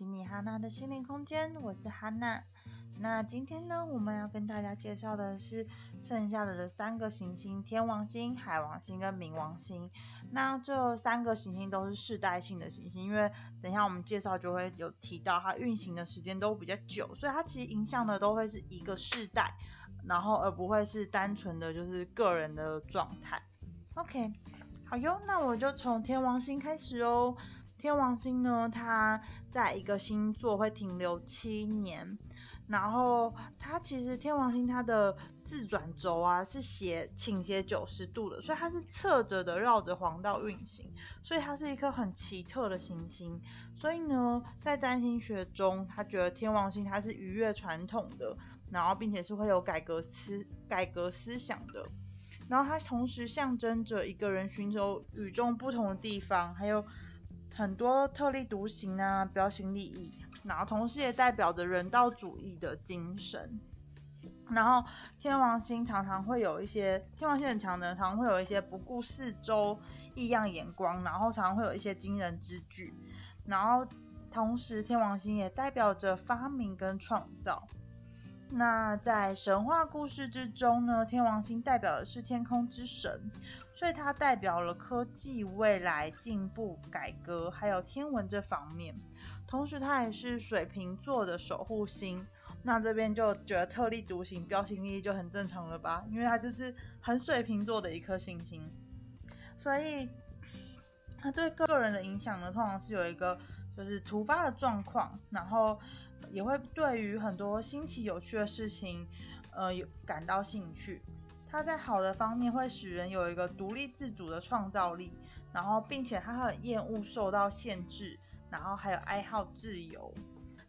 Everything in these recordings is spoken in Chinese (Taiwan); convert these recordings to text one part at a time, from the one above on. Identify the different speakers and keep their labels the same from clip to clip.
Speaker 1: 吉米哈娜的心靈空間，我是哈娜。那今天呢，我們要跟大家介紹的是剩下的三個行星：天王星、海王星跟冥王星。那這三個行星都是世代性的行星，因為等一下我們介紹就會有提到，它運行的時間都比較久，所以它其實影響的都會是一個世代，然後而不會是單純的就是個人的狀態。OK，好喲，那我就從天王星開始哦。天王星呢，它在一個星座會停留七年，然後它其實天王星它的自轉軸啊是斜傾斜九十度的，所以它是側着的繞着黃道運行，所以它是一顆很奇特的行星。所以呢，在占星學中，他覺得天王星它是逾越傳統的，然後並且是會有改革思改革思想的，然後它同時象徵着一個人尋求與眾不同的地方，還有。很多特立獨行啊，標新立異，然後同時也代表着人道主義的精神。然後天王星常常會有一些，天王星很強的人，常常會有一些不顧四周異樣眼光，然後常常會有一些驚人之舉。然後同時，天王星也代表着發明跟創造。那在神話故事之中呢，天王星代表的是天空之神。所以它代表了科技、未來進步、改革，還有天文這方面。同時，它也是水瓶座的守護星。那這邊就覺得特立獨行、標新立異就很正常了吧？因為它就是很水瓶座的一顆星星。所以它對個人的影響呢，通常是有一個就是突發的狀況，然後也會對於很多新奇有趣的事情，呃，有感到興趣。它在好的方面會使人有一個獨立自主的創造力，然後並且它很厭惡受到限制，然後還有愛好自由。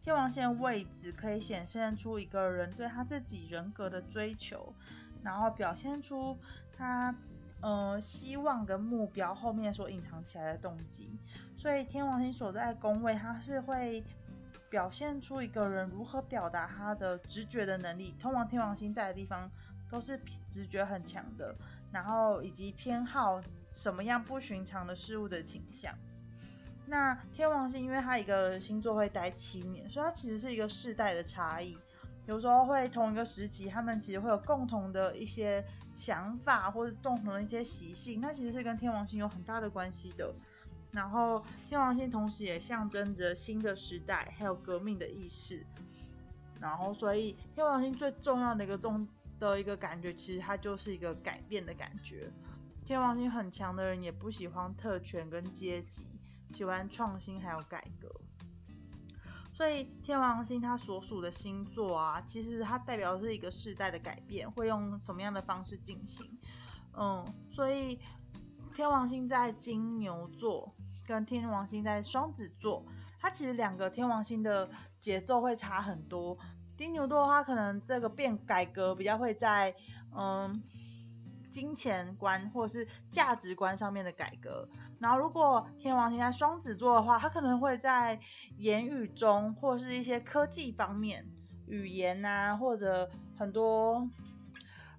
Speaker 1: 天王星的位置可以顯現出一個人對他自己人格的追求，然後表現出他呃希望跟目標後面所隱藏起來的動機。所以天王星所在宮位，它是會表現出一個人如何表達他的直覺的能力，通往天王星在的地方，都是直覺很強的，然後以及偏好什麼樣不尋常的事物的傾向。那天王星，因為它一個星座會待七年，所以它其實是一個世代的差異。有時候會同一個時期，他們其實會有共同的一些想法或者共同的一些習性，那其實是跟天王星有很大的關係的。然後天王星同時也象徵着新的時代，還有革命的意識。然後所以天王星最重要的一個動。的一個感覺，其實它就是一個改變的感覺。天王星很強的人也不喜歡特權跟階級，喜歡創新還有改革。所以天王星它所屬的星座啊，其實它代表是一個世代的改變，會用什麼樣的方式進行？嗯，所以天王星在金牛座跟天王星在雙子座，它其實兩個天王星的節奏會差很多。金牛座的話，可能這個變改革比較會在嗯金錢觀或是價值觀上面的改革。然後，如果天王星在雙子座的話，他可能會在言語中或者是一些科技方面、語言吶、啊，或者很多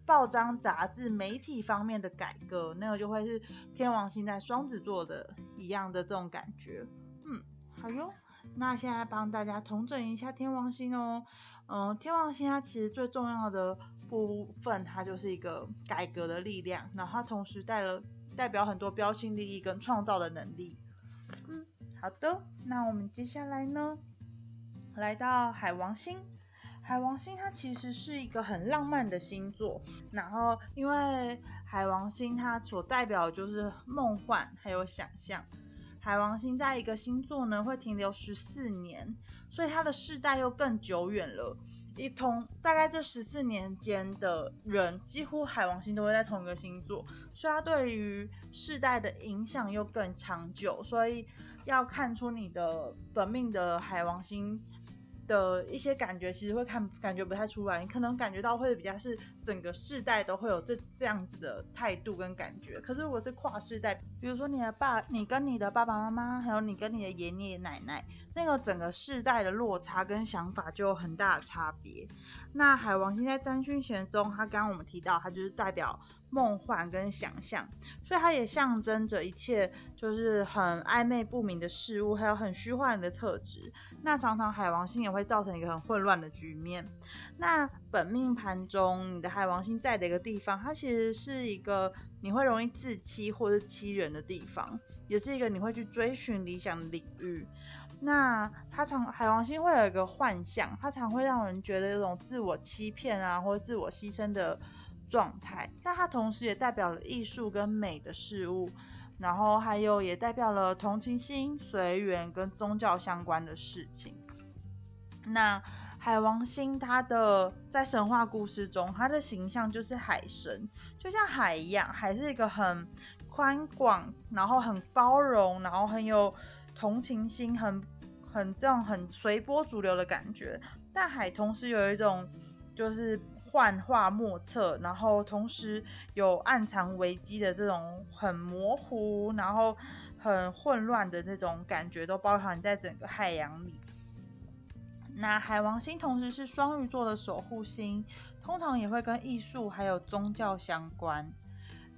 Speaker 1: 報章雜誌、媒體方面的改革，那個就會是天王星在雙子座的一樣的這種感覺。嗯，好喲，那現在幫大家統整一下天王星哦。嗯，天王星它其實最重要的部分，它就是一個改革的力量，然後它同時帶了代表很多標新立異跟創造的能力。嗯，好的，那我們接下來呢，來到海王星。海王星它其實是一個很浪漫的星座，然後因為海王星它所代表就是夢幻還有想象。海王星在一個星座呢，會停留十四年。所以它的世代又更久遠了，一同大概這十四年間的人，幾乎海王星都會在同一個星座，所以它對於世代的影響又更長久，所以要看出你的本命的海王星，的一些感覺其實會看感覺不太出來，你可能感覺到會比較是整個世代都會有這這樣子的態度跟感覺。可是如果是跨世代，比如說你的爸，你跟你的爸爸媽媽，還有你跟你的爺爺奶奶，那個整個世代的落差跟想法就有很大的差別。那海王星在占星學中，他剛剛我們提到，他就是代表。夢幻跟想象，所以它也象徵着一切就是很曖昧不明的事物，還有很虛幻的特質。那常常海王星也會造成一個很混亂的局面。那本命盤中你的海王星在的一個地方，它其實是一個你會容易自欺或是欺人的地方，也是一個你會去追尋理想的領域。那它常海王星會有一個幻象，它常會讓人覺得有種自我欺騙啊，或者自我犧牲的狀態，但它同時也代表了藝術跟美的事物，然後還有也代表了同情心、隨緣跟宗教相關的事情。那海王星，它的在神話故事中，它的形象就是海神，就像海一樣，海是一個很寬廣，然後很包容，然後很有同情心，很很這種很隨波逐流的感覺。但海同時有一種就是。幻化莫測，然後同時有暗藏危機的這種很模糊，然後很混亂的那種感覺，都包含在整個海洋裡。那海王星同時是雙魚座的守護星，通常也會跟藝術還有宗教相關。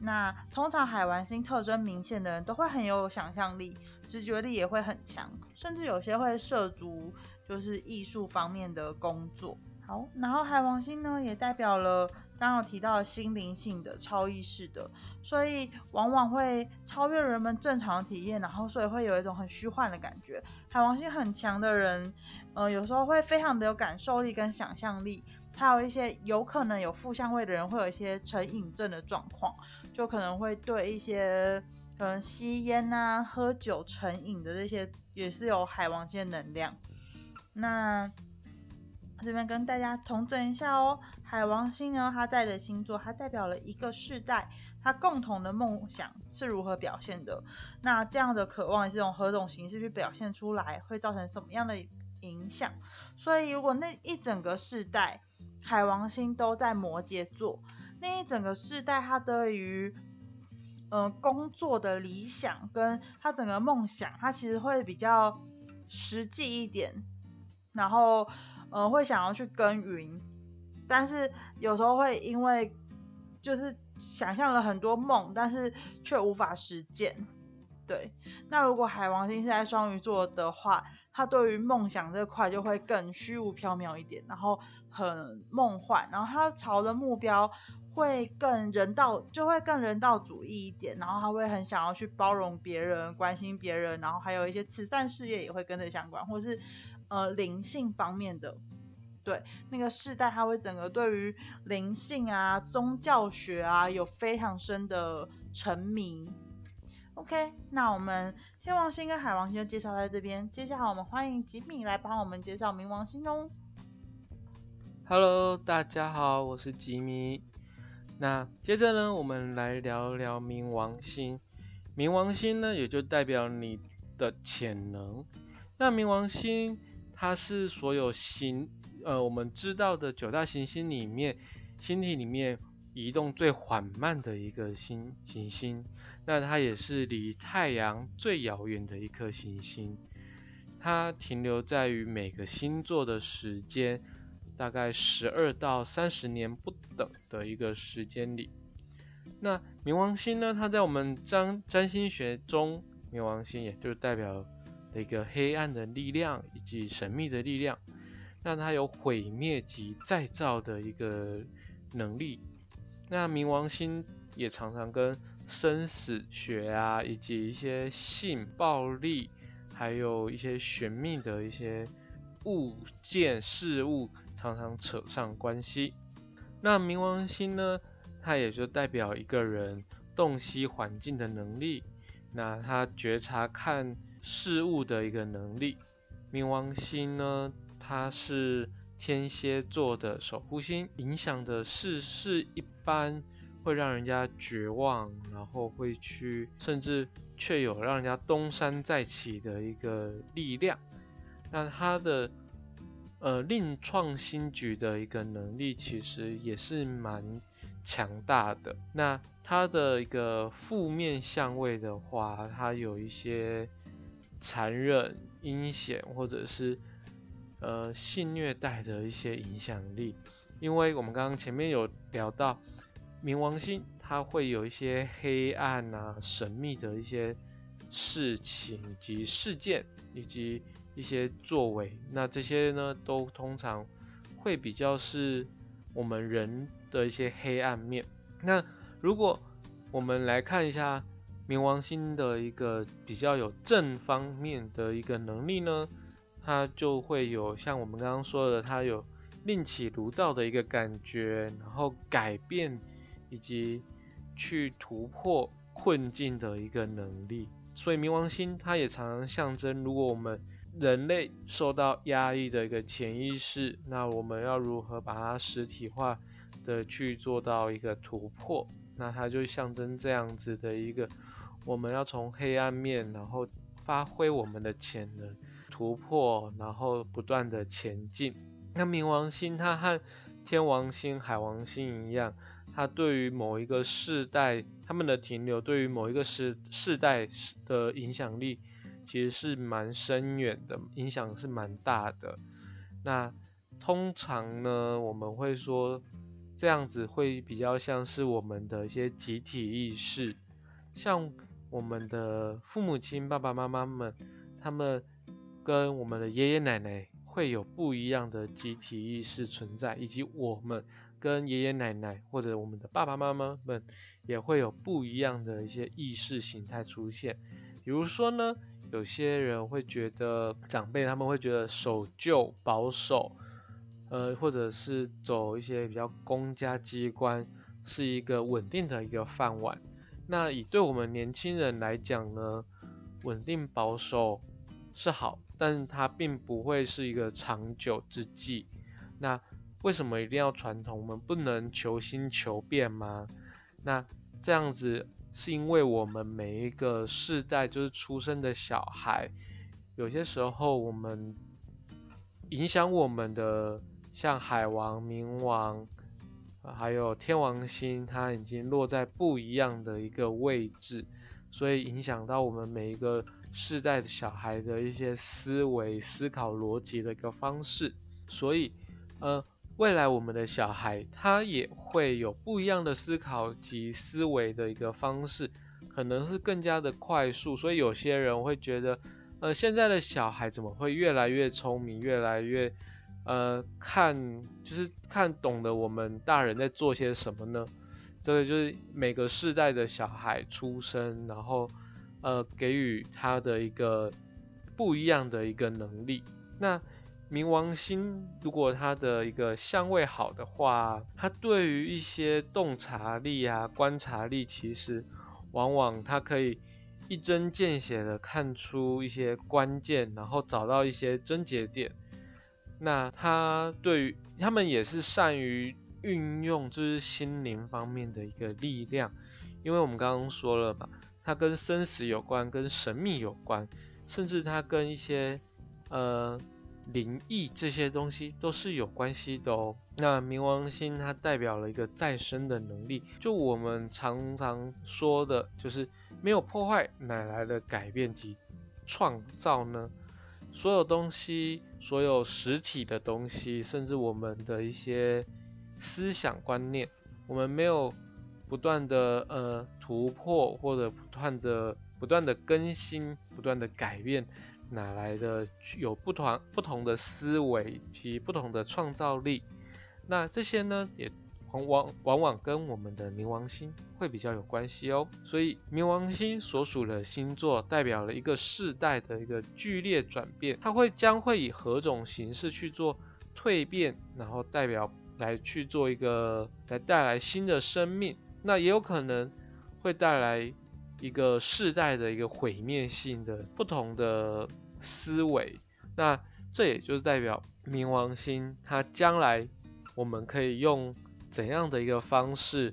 Speaker 1: 那通常海王星特徵明顯的人都會很有想象力，直覺力也會很強，甚至有些會涉足就是藝術方面的工作。好，然後海王星呢，也代表了剛剛提到的心靈性的、超意識的，所以往往會超越人們正常的體驗，然後所以會有一種很虛幻的感覺。海王星很強的人，嗯、呃，有時候會非常的有感受力跟想象力。還有一些有可能有負相位的人，會有一些成癮症的狀況，就可能會對一些嗯吸煙啊、喝酒成癮的這些，也是有海王星的能量。那。這邊跟大家統整一下哦，海王星呢，它在的星座，它代表了一個世代，它共同的夢想是如何表現的？那這樣的渴望是用何種形式去表現出來，會造成什麼樣的影響？所以，如果那一整個世代海王星都在摩羯座，那一整個世代它，他對於嗯工作的理想跟他整個夢想，他其實會比較實際一點，然後。呃，會想要去耕耘，但是有時候會因為就是想象了很多夢，但是卻無法實踐。對，那如果海王星是在雙魚座的話，他對於夢想這塊就會更虛無縹緲一點，然後很夢幻，然後他朝的目標會更人道，就會更人道主義一點，然後他會很想要去包容別人、關心別人，然後還有一些慈善事業也會跟着相關，或是。呃，靈性方面的。對，那個世代，它會整個對於靈性啊、宗教學啊，有非常深的沉迷。OK，那我們天王星跟海王星就介紹在這邊，接下來我們歡迎吉米來幫我們介紹冥王星哦。
Speaker 2: Hello，大家好，我是吉米。那接着呢，我們來聊聊冥王星。冥王星呢，也就代表你的潛能。那冥王星。它是所有星，呃，我們知道的九大行星裡面，星體裡面移動最緩慢的一個星行星。那它也是離太陽最遙遠的一顆行星。它停留在於每個星座的時間，大概十二到三十年不等的一個時間裡。那冥王星呢，它在我們占占星學中，冥王星也就是代表，一個黑暗的力量以及神秘的力量，那它有毀滅及再造的一個能力。那冥王星也常常跟生死學啊，以及一些性暴力，還有一些神秘的一些物件事物，常常扯上關係。那冥王星呢，它也就代表一個人洞悉環境的能力。那他覺察看。事物的一個能力。冥王星呢，它是天蠍座的守護星，影響的事事一般會讓人家絕望，然後會去，甚至卻有讓人家東山再起的一個力量。那它的呃，另創新舉的一個能力，其實也是蠻強大的。那它的一個負面相位的話，它有一些。殘忍、陰險，或者是呃性虐待的一些影響力，因為我們剛剛前面有聊到冥王星，它會有一些黑暗啊、神秘的一些事情以及事件，以及一些作為。那這些呢，都通常會比較是我們人的一些黑暗面。那如果我們來看一下。冥王星的一個比較有正方面的一個能力呢，它就會有像我們剛剛說的，它有另起爐灶的一個感覺，然後改變以及去突破困境的一個能力。所以冥王星它也常常象徵，如果我們人類受到壓抑的一個潛意識，那我們要如何把它實體化的去做到一個突破？那它就象徵這樣子的一個。我們要從黑暗面，然後發揮我們的潛能，突破，然後不斷地前進。那冥王星它和天王星、海王星一樣，它對於某一個世代它們的停留，對於某一個世世代的影響力，其實是蠻深遠的，影響是蠻大的。那通常呢，我們會說這樣子會比較像是我們的一些集體意識，像。我們的父母親、爸爸媽媽們，他們跟我們的爺爺奶奶會有不一樣的集體意識存在，以及我們跟爺爺奶奶或者我們的爸爸媽媽們也會有不一樣的一些意識形態出現。比如說呢，有些人會覺得長輩他們會覺得守舊、保守，呃，或者是走一些比較公家機關，是一個穩定的一個飯碗。那以對我們年輕人來講呢，穩定保守是好，但是它並不會是一個長久之計。那為什麼一定要傳統？我們不能求新求變嗎？那這樣子是因為我們每一個世代，就是出生的小孩，有些時候我們影響我們的像海王、冥王，還有天王星，它已經落在不一樣的一個位置，所以影響到我們每一個世代的小孩的一些思維、思考邏輯的一個方式。所以，呃，未來我們的小孩他也會有不一樣的思考及思維的一個方式，可能是更加的快速。所以有些人會覺得，呃，現在的小孩怎麼會越來越聰明，越來越……呃，看就是看懂得我們大人在做些什麼呢？這個就是每個世代的小孩出生，然後呃給予他的一個不一樣的一個能力。那冥王星如果他的一個相位好的話，他對於一些洞察力啊、觀察力，其實往往它可以一針見血的看出一些關鍵，然後找到一些症結點。那他對於他們也是善於運用，就是心靈方面的一個力量，因為我們剛剛說了嘛，它跟生死有關，跟神秘有關，甚至它跟一些呃靈異這些東西都是有關係的哦。那冥王星它代表了一個再生的能力，就我們常常說的，就是沒有破壞，哪來的改變及創造呢？所有東西，所有實體的東西，甚至我們的一些思想觀念，我們沒有不斷的呃突破，或者不斷的不斷的更新，不斷的改變，哪來的有不同不同的思維及不同的創造力？那這些呢也。往往往跟我們的冥王星會比較有關係哦，所以冥王星所屬的星座代表了一個世代的一個劇烈轉變，它會將會以何種形式去做蛻變，然後代表來去做一個來帶來新的生命，那也有可能會帶來一個世代的一個毀滅性的不同的思維，那這也就是代表冥王星，它將來我們可以用。怎樣的一個方式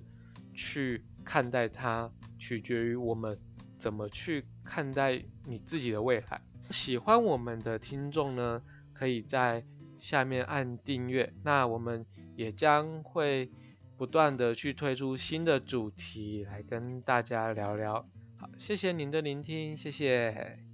Speaker 2: 去看待它，取決於我們怎麼去看待你自己的未來。喜歡我們的聽眾呢，可以在下面按訂閱。那我們也將會不斷地去推出新的主題來跟大家聊聊。好，謝謝您的聆聽，謝謝。